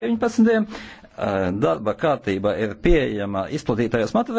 19. Eh, darba kārtība ir pieejama izplatītajos materiālos.